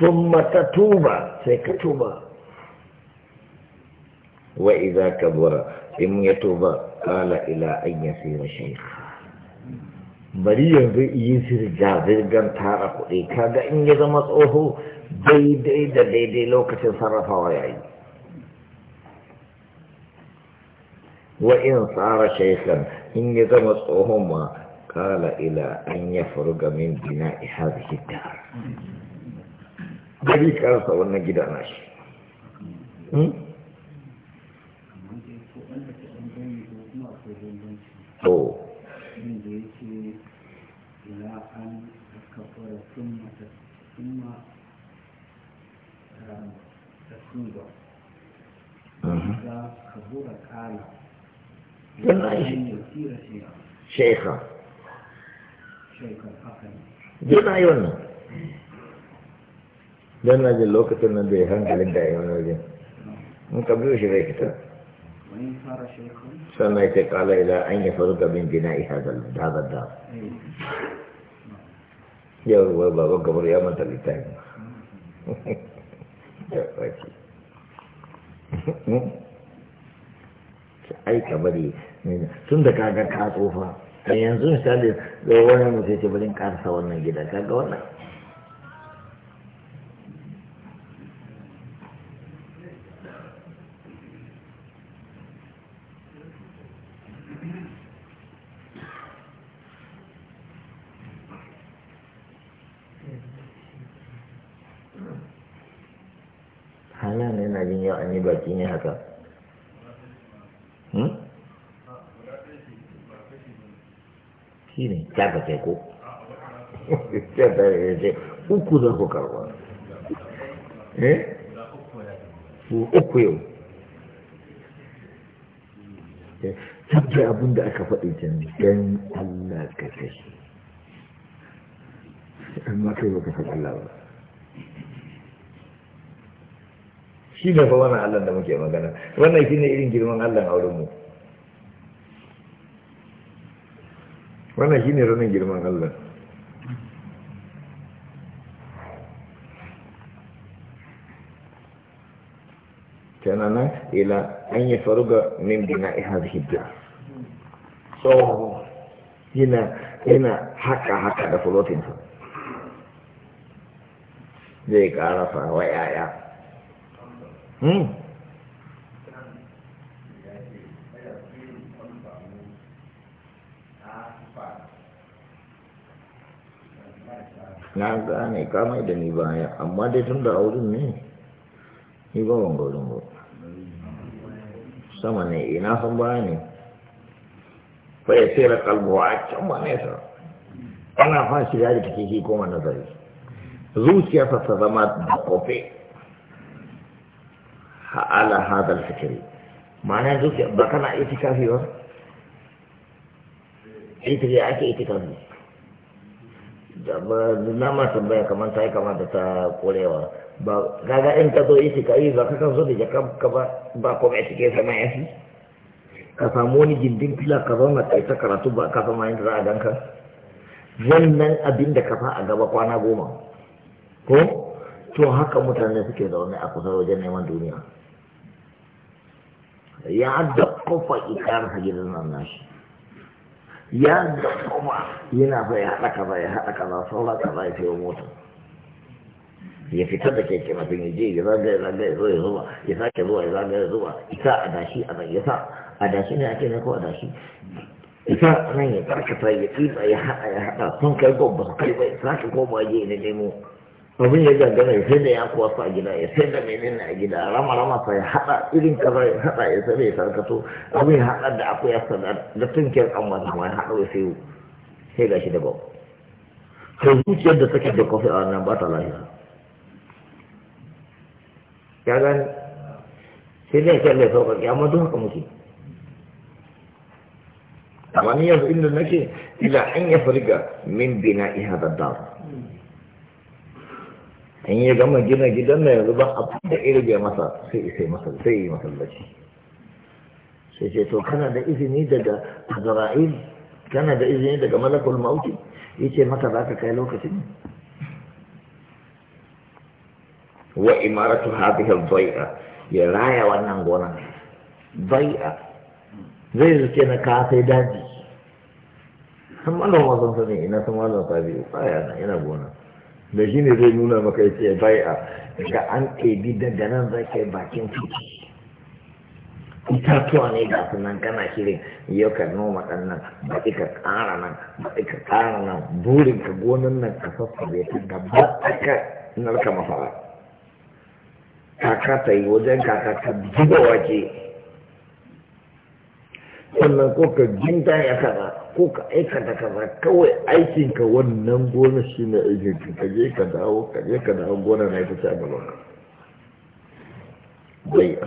sun mata tuba sai ka tuba wa iza ka bura in ya tuba kala ila an ya sira shaikha bari yanzu yi zirga zirgan tara kuɗi kaga in ya zama tsoho daidai da daidai lokacin sarrafawa yayi wa in tsara shaikhan in ya zama tsohon ma kala ila an ya furga min bina ihar hitar gari karsa wannan gida na hmm? hmm. Shekha. Shekha, haka ne. yi wannan. don na jin lokacin nan da ya hankalin da ya wajen in ka biyo shi zai fita sannan ya ce kala ila an yi faru gabin gina isa da da yau ruwa baban gabar ya manta littafi ai ka bari tun da kaga ka tsofa yanzu misali da wani mutum ce bari karsa wannan gida kaga wannan ta ka ce ko uku za ku karba eh uku yau tabbi eh, abin da aka faɗi can don Allah ka kashe amma kai baka san Allah ba shi ne fa wannan Allah da muke magana wannan shine irin girman Allah a wurin mu wannan shi ne ranar girman Allah kenan ila an yi faruga min bina ihar hijja tsoho yana yana haka haka da fulotinsa zai ƙarafa wa yaya hmm? na gane kamar da ni baya amma dai tun da aurin ne ni ba ban ba sama ne ina san baya ne fa ya tsira kalbo a can ba nesa ana fa shiga da take shi koma nazari zuciyarsa ta zama da kofe ala hadal fikiri ma'ana zuciya ba kana itikafi ba ita ake itikafi da ba na ma tambaya kamar ta yi kama da ta korewa ba gaga in ka zo isi ka yi ba ka zo da jaka ka ba ba ko mai cike sama ya fi ka samu wani gindin fila ka zauna ka ta karatu ba ka sama yin za a ganka wannan abin da ka fa a gaba kwana goma ko to haka mutane suke zaune a kusa wajen neman duniya ya da kofa ikar gidan nan nashi ya da kuma yana bai haɗa kaza ya haɗa kaza saura kaza ya yi mota ya fita da keke mafin ya je ya zaga ya zaga ya zo ya zuba ya sake zuwa ya zaga ya zuba ita a dashi a zai yasa a dashi ne ake ne ko a dashi ita nan ya karkata ya tsiba ya haɗa ya haɗa sun kai gobba kai bai sake koma je ne nemo abin ya gangana ya sai da ya kuwa a gida ya sai da menene a gida rama rama sai hada irin kaza ya hada ya sai da sarkato abin hada da akwai ya sada da tunkiyar an wata mai hada ya sai sai gashi da babu to zuciyar da take da kofi a wannan ba ta lafiya ya gani sai dai kai da sauka ya amma haka muke amma ni yanzu inda nake ila an ya farga min bina'i hada dar in ya gama gina gidan na yanzu ba abin da irge masa sai isai masa sai yi masallaci sai ce to kana da izini daga azra'il kana da izini daga malakul mauti yace maka za ka kai lokacin wa imaratu hadhihi al-bai'a ya raya wannan gona bai'a zai zuke na ka sai daji san malon wazon sani ina san malon tabi'u ina gona. da shi ne zai nuna maka ya ce bai a ga an ɗebi daga nan za ka yi bakin ciki itatuwa ne ga su nan kana shirin yau ka noma ɗan nan ba ka ƙara nan ba ka ƙara nan burin ka gonan nan ka sassa bai ta gaba aka narka masara kaka ta yi wajen kaka ta zuba wake sannan ko ka jinta ya kaza ko ka aikata kaza kawai aikinka wannan gona shi ne aikinka ka je ka dawo ka je ka dawo gona na ita ce a gaban ka bai a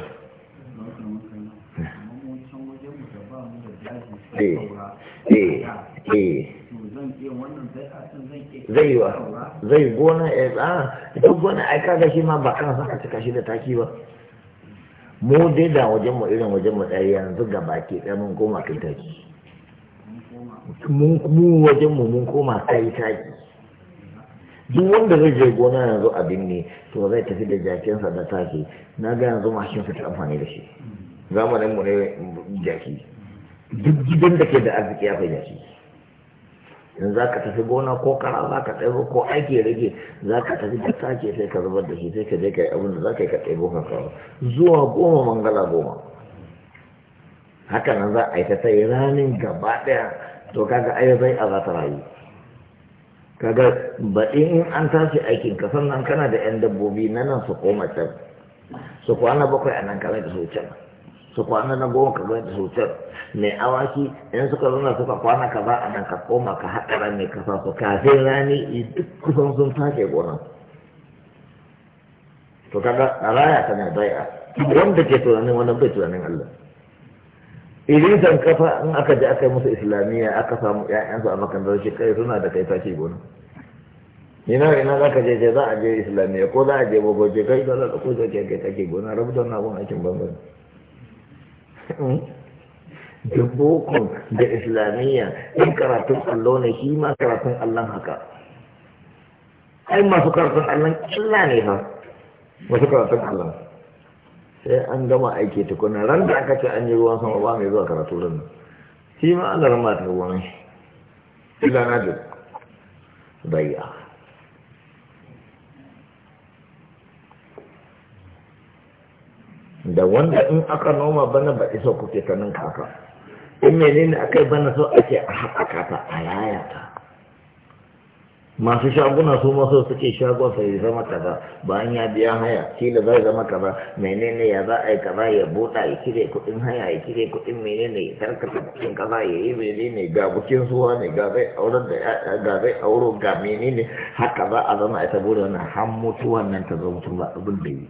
eh, eh, eh. zai wa zai gona ya ah, tsara ita gona ai kaga shi ma ba kan saka cika shi da taki ba mu dai da wajen mu irin wajen mu ɗaya yanzu ga baki tsamin goma koma taki mun mu wajen mu mun koma kai taki duk wanda zai je gona yanzu abin ne to zai tafi da jakinsa da taki na ga yanzu mashin su ta amfani da shi zamanin mu ne jaki duk gidan da ke da arziki akwai jaki in za ka tafi gona ko kara za ka ɗaibo ko aiki rage za ka tafi da sake sai ka zubar da shi sai ka je ka yi abin da za ka yi ka ɗaibo ka kawo zuwa goma mangala goma haka nan za a yi ta sai ranin gaba ɗaya to kaga ai bai a za ta rayu kaga ba in an tashi aikin ka sannan kana da yan dabbobi na nan su koma can su kwana bakwai a nan kana da su can su kwana na goma ka da su can mai awaki in suka zauna suka kwana ka ba a nan ka koma ka haɗa rami ka sa su kafin rani duk kusan sun take gonan to kaga a raya tana bai'a wanda ke tunanin wannan bai tunanin Allah irisan kafa in aka je aka yi musu islamiyya aka samu ƴaƴansu a makarantar shi kai suna da kai tashi gona ina ina za ka je je za a je islamiyya ko za a je gogo je kai dole da ko je ke kai take gona rabu da na gona aikin bambam. da boko da islamiyya in karatun allo ne shi ma karatun allon haka ai masu karatun allon illa ne ha masu karatun allon sai an gama aiki tukunan ran da aka ce an yi ruwan sama ba mai zuwa karatu ran nan shi ma an zarma ta ruwan ila na duk bayya da wanda in aka noma bana ba iso kuke ta nan kaka in menene akai bana so ake a haɓaka ta a yayata masu shaguna su maso suke shagon sai zama kaza bayan ya biya haya kila zai zama kaza menene ya za a yi kaza ya buɗa ya kire kuɗin haya ya kire kuɗin menene ya tarkata kuɗin kaza ya yi menene ga bukin suwa ne ga zai auren ga zai auro ga menene haka za a zama ita bude wannan har mutuwan nan ta zo mutum ba abin da yi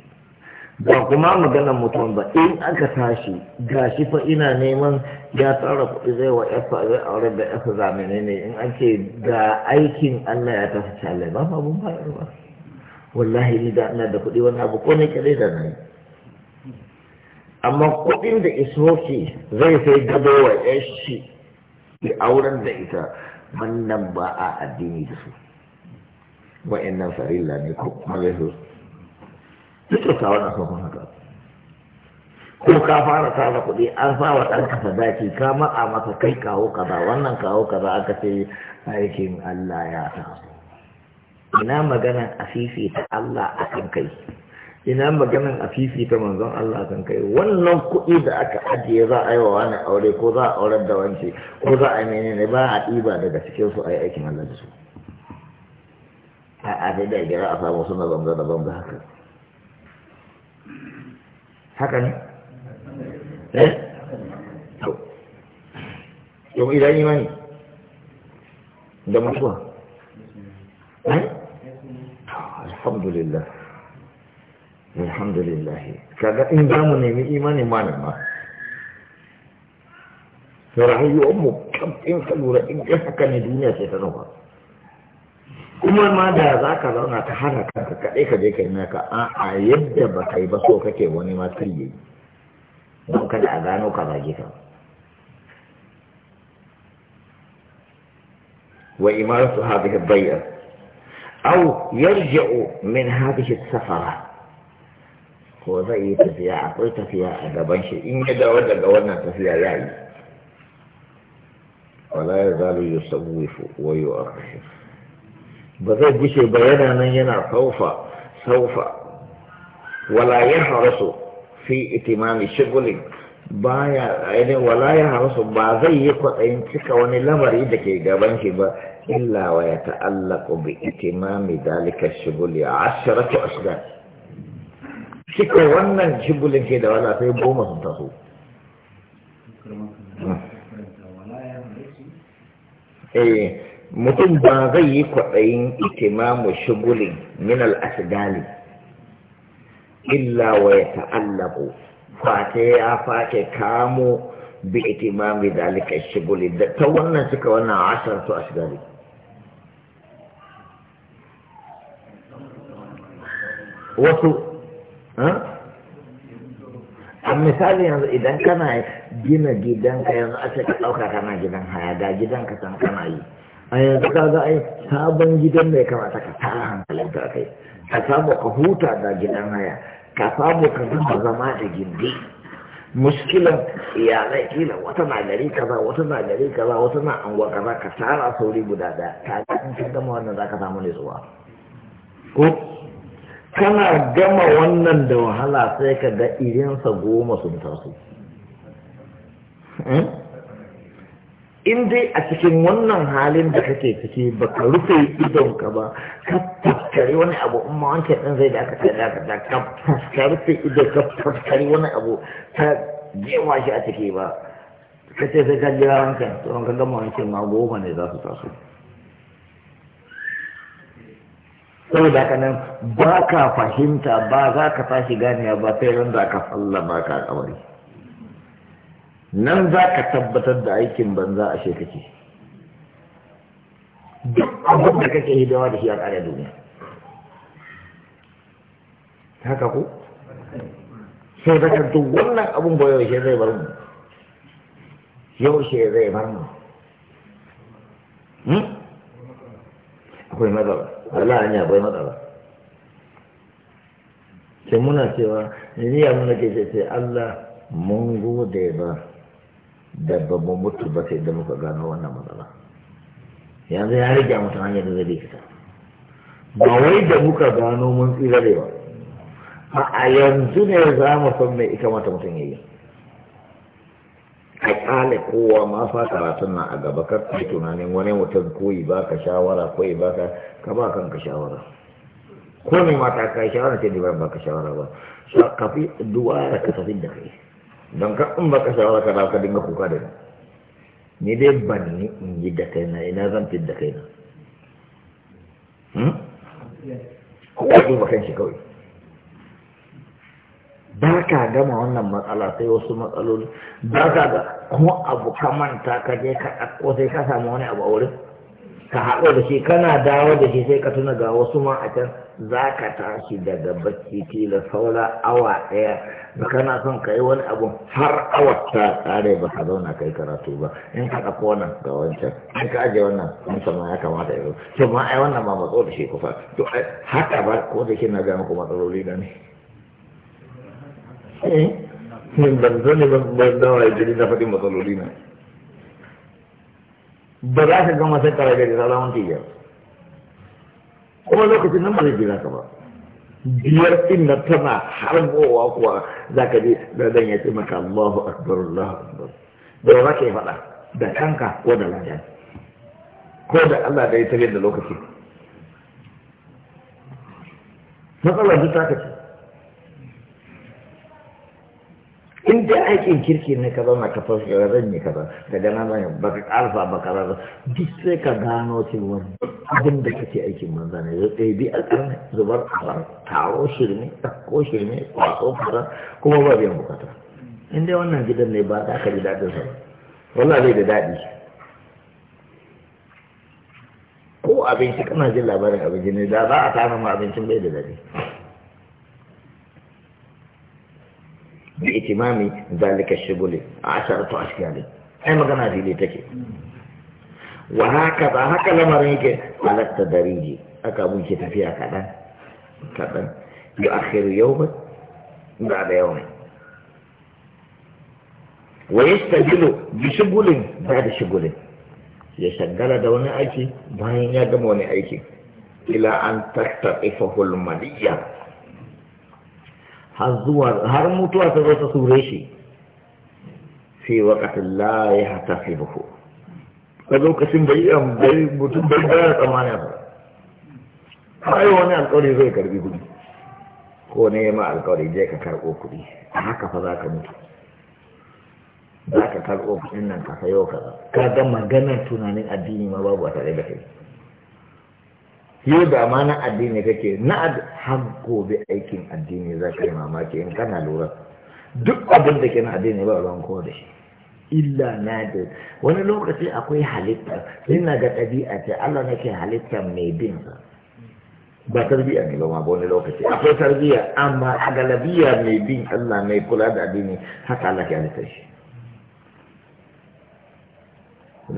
ba kuma maganar mutum ba in aka tashi ga shi fa ina neman ya tsara kuɗi zai wa yafa zai aure da yafa zamani ne in ake ga aikin Allah ya tafi cale ba ma mun bayar ba wallahi ni da ina da kuɗi wani abu ko ne kadai da nai, amma kuɗin da ismoki zai sai gado wa yashi ya auren da ita wannan ba a addini da su wa'annan farilla ne ko kuma zai duk da kawo na haka ko ka fara tara kuɗi an sa wa ɗan kasa daki ka a masa kai kawo kaza wannan kawo kaza aka ce aikin Allah ya sa. ina maganan a ta Allah a kan kai ina maganan a ta manzon Allah a kan kai wannan kuɗi da aka ajiye za a yi wa wani aure ko za a aurar da wance ko za a yi ne ba a ɗiba daga cikin su a yi aikin Allah da su a daidai gira a samu suna banza da banza haka haka ne eh yau idan imani da mutuwa eh? alhamdulillah alhamdulillah kaga in za mu nemi imani malam ma to rahayu ummu kam in ka in ka haka ne duniya sai ta zama kuma ma da za ka zauna ta hana kanka kaɗai ka je ka yi naka a a yadda ba ka yi ba so kake wani ma don kada a gano ka zage ka wa imaratu hadhihi bai'a aw yarji'u min hadhihi safara ko zai yi tafiya akwai tafiya a gaban shi in ya dawo daga wannan tafiya ya yi wala ya zalu yusawifu wa yu'akhir ba zai gushe ba yana nan yana saufa saufa wala ya harasu fi itimami shigulin baya aini wala ya harasu ba zai yi kwatsayin cika wani lamari da ke gaban shi ba illa wa ya ta'allaku bi itimami dalika shiguli a ashiratu ashirin cika wannan shigulin ke da wala sai goma sun taso hmm. eh mutum ba zai yi kwaɗayin itimamu shugulin min asigali, illa wa ya ta'allaku fata ya fata kamo bi itimami dalika shuguli da ta wannan suka wannan ashirar to asigali wasu a misali yanzu idan kana gina gidanka yanzu a ka ɗauka kana gidan haya ga gidanka san kana yi a yanzu ka ga ai sabon gidan mai kamata ka tara hankalin ka kai ka samu ka huta da gidan haya ka samu ka zama zama da gindi muskilan iyalai kila wata na gari kaza wata na gari kaza wata na anguwa kaza ka tara sauri guda daya ka ga in ka gama wannan za ka samu zuwa ko kana gama wannan da wahala sai ka ga irinsa goma sun taso hmm? in dai a cikin wannan halin da kake ciki ba ka rufe idonka ba ka fuskari wani abu in ma wanke ɗin zai da aka tsaye da ta ka fuskari idon ka fuskari wani abu ta jewa shi a ciki ba ka ce sai ka jira wanke to ka gama wanke ma goma ne za su taso saboda haka nan ba ka fahimta ba za ka tashi ganewa ba sai ran da ka sallama ka kawai nan za ka tabbatar da aikin banza a shekaki duk abin da kake hidawa da shi a ƙara duniya haka ku sai da kanto wannan abin ba shi zai bar mu yaushe zai bar mu hmm? akwai matsala Allah hanya akwai matsala sai muna cewa ni ya muna ke ce Allah mun gode ba da mu mutu ba sai da muka gano wannan matsala yanzu ya rage mutum hanyar da zai fita ba wai da muka gano mun tsirare ba a a yanzu ne za mu san mai ita mata mutum ya yi a kyale kowa ma fa karatun nan a gaba kar kai tunanin wani mutum koyi ba ka shawara koyi baka ka ba kanka shawara ko mai mata ka shawara ce ne ba ka shawara ba ka fi duwa da ka tafi da kai don ka in baka shawara ka za ka dinga kuka da ni ni dai ban ni in yi da kaina ina zan fi da kaina hmm? kowa duba kan shi kawai ba ka gama wannan matsala sai wasu matsaloli ba ka ga kuma abu kamanta manta ka je ka ɗauko sai ka samu wani abu a wurin ka haɗo da shi kana dawo da shi sai ka tuna ga wasu ma a can za ka tashi daga bacci tilo saura awa ɗaya ba kana son ka yi wani abu har awa ta tsare ba ka zauna ka yi karatu ba in ka ɗauko wannan ga wancan in ka ajiye wannan in sama ya kamata ya zo to ma ai wannan ma matso da shi fa to ai, haka ba ko da shi na ga muku matsaloli da ne. Eh. ban zo ne ban dawa ya jiri na faɗin matsaloli na. ba za ka gama sai kara gari salamun tiyar kuma lokacin nan ba zai jira ka ba biyar din na tana har gowa kuwa za ka je da ya ce maka Allahu akbar Allahu akbar da ba ka yi faɗa da kanka ko da ladan ko da Allah da ya tare da lokaci matsalar duk ta kace in da aikin kirki ne ka na ka fasu ga zan yi kaza da dana zan ba baka alfa ba kaza zaza duk sai ka gano wani, abin da kake aikin manza ne zai tsaye bi alƙarni zubar a taro shirme ɗauko shirme kwaso fara kuma ba biyan bukata in dai wannan gidan ne ba za ka ji daɗin sa wallah zai da daɗi ko abinci kana jin labarin abinci ne da za a tara ma abincin bai da daɗi bi itimami zalika shibuli asharatu ashkali ai magana dile take wa haka ba haka lamarin yake halatta dariji aka abun ke tafiya kaɗan kaɗan yi akhiru yau ba ba da yau ne wa ya stajilo bi shigulin ba da shigulin ya shagala da wani aiki bayan ya gama wani aiki ila an tattaɓe fahul maliyya har zuwa har mutuwa ta zo ta sure shi fi ta la yahtasibuhu a lokacin bai yi bai mutum bai bayar tsammani ba ai wani alƙawari zai karbi kuɗi ko ne ma alƙawari je ka karɓo kuɗi a haka fa za ka mutu za ka karɓo kuɗin nan ka sayo ka ka ga maganar tunanin addini ma babu a tare da kai yau da ma na addini kake na har gobe aikin addini za ka yi mamaki in kana lura duk abin da ke na addini ba ruwan kowa da shi illa na da wani lokaci akwai halitta ina ga ɗabi'a ce Allah nake halitta mai bin sa ba tarbiyya ne ba ma ba wani lokaci akwai tarbiyya amma a galabiya mai bin Allah mai kula da addini haka Allah ke halitta shi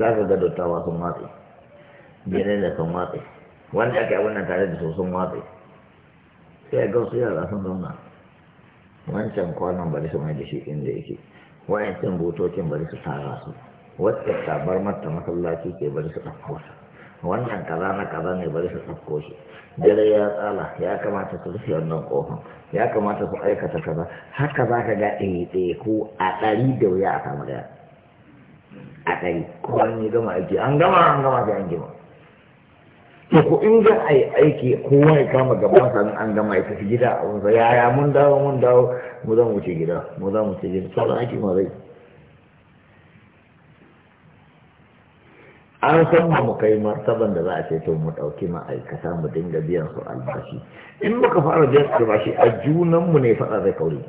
za ka ga dottawa sun watsi gene da sun watsi wanda ake wannan tare da sosun watsi sai ga su yara sun zauna wancan kwanon bari su mai da shi inda yake wayancin butocin bari su tara su wacce tabar mata masallaci ke bari su ɗauko su wannan kaza na kaza ne bari su ɗauko shi dare ya tsala ya kamata su rufe wannan kofin ya kamata su aikata kaza haka za ka ga ɗaya ɗaya ko a ɗari da wuya a samu ɗaya a ɗari ko an yi gama aiki an gama an gama sai an gima to ku in za a yi aiki kowa ya kama gaban sa an gama ya tafi gida a wanzu yaya mun dawo mun dawo mu za mu ci gida mu za mu ci gida sauran aiki ma zai an san mu kai martaban da za a ce to mu ɗauki ma'aikata mu dinga biyan su albashi in muka fara biyan su albashi a junan mu ne fada zai kauri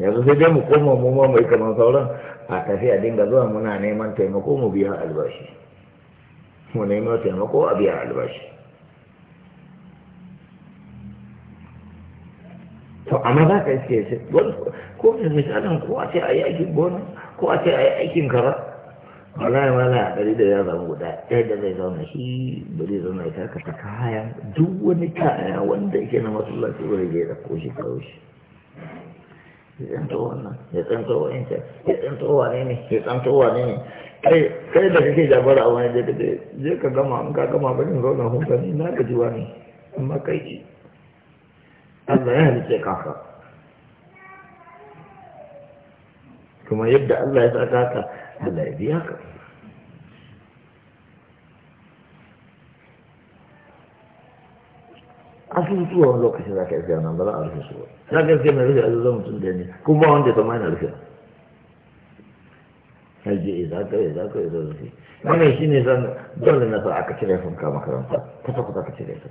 yanzu sai dai mu koma mu ma mai kamar sauran a tafiya dinga zuwa muna neman taimako mu biya albashi mu nemo taimako a biya albashi to amma za ka iske shi ko da misalin ko a ce a yi aikin gona ko a ce a yi aikin kara wallahi wala a ɗari da ya zama guda ɗaya da zai zauna shi ba zai zauna ya karkata haya. duk wani kaya wanda yake na masallaci wani zai ɗauko shi ka shi ya tsanto wannan ya tsanto wa'ancan ya tsanto ne ya tsanto wane ne kai kai da kake jagora a wani daga da je ka gama an ka gama barin zauna hunka na na ji wani amma kai ki Allah ya halice kaka kuma yadda Allah ya saka ka Allah ya biya ka asusuwa wani lokacin za ka yi fiye nan ba za a rufe su ba za ka yi fiye na rufe azuzuwa mutum da ne kuma wanda ya sama yana rufe sai je za ka za ka zo da shi shi ne zan dole na sa aka cire sun karanta ta kusa kusa ka cire su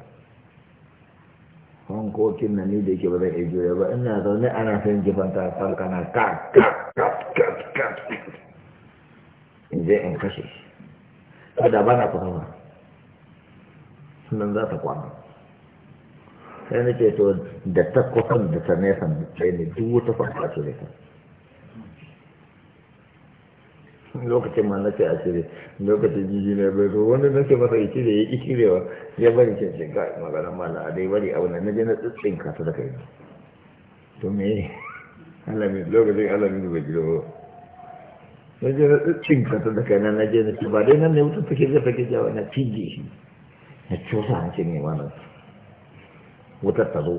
hankokin na ni da yake ba zai iya juya ba ina zaune ana sayin jifanta falkana ka ka ka ka ka in je in kashe kada ba na kusa ba za ta kwana sai ce to da ta kusan da ta nesa da duk wata farka ta lokacin ma nace a cire lokacin jiji na bai zo wani nace masa ya cire ya ikirewa ya bari cin cin kai magana mala a dai bari wani na je na tsitsin kasa da kai to me alamin lokacin alamin da bai jiro na je na tsitsin kasa da kai na je na ci ba dai nan ne mutum take zai fage jawa na cije shi na cusa hancin ne wannan wutar ta zo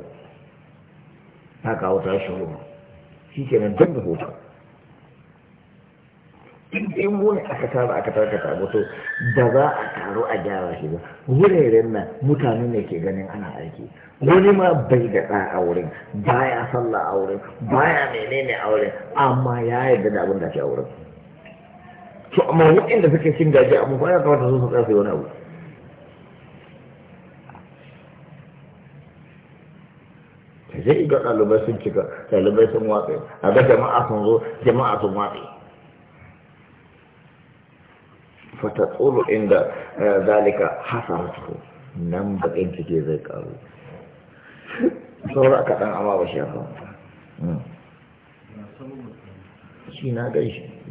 ta kawo ta shi shi kenan don da hoton in wani aka tara aka tara ta mutu ba za a taru a gyara shi ba wuraren nan mutane ne ke ganin ana aiki wani ma bai da ɗa a wurin ba ya sallah a wurin ba ya menene a wurin amma ya yarda da abin da ke a wurin to amma waɗanda suke cin gaji amma ba ya kamata su su yi wani abu zai ga ɗalibai sun cika ɗalibai sun watsa a ga jama'a sun zo jama'a sun watsa fatatsuru inda zalika hasaratu nan bakin cike zai karu saura kaɗan amma ba shafa shi na gaishe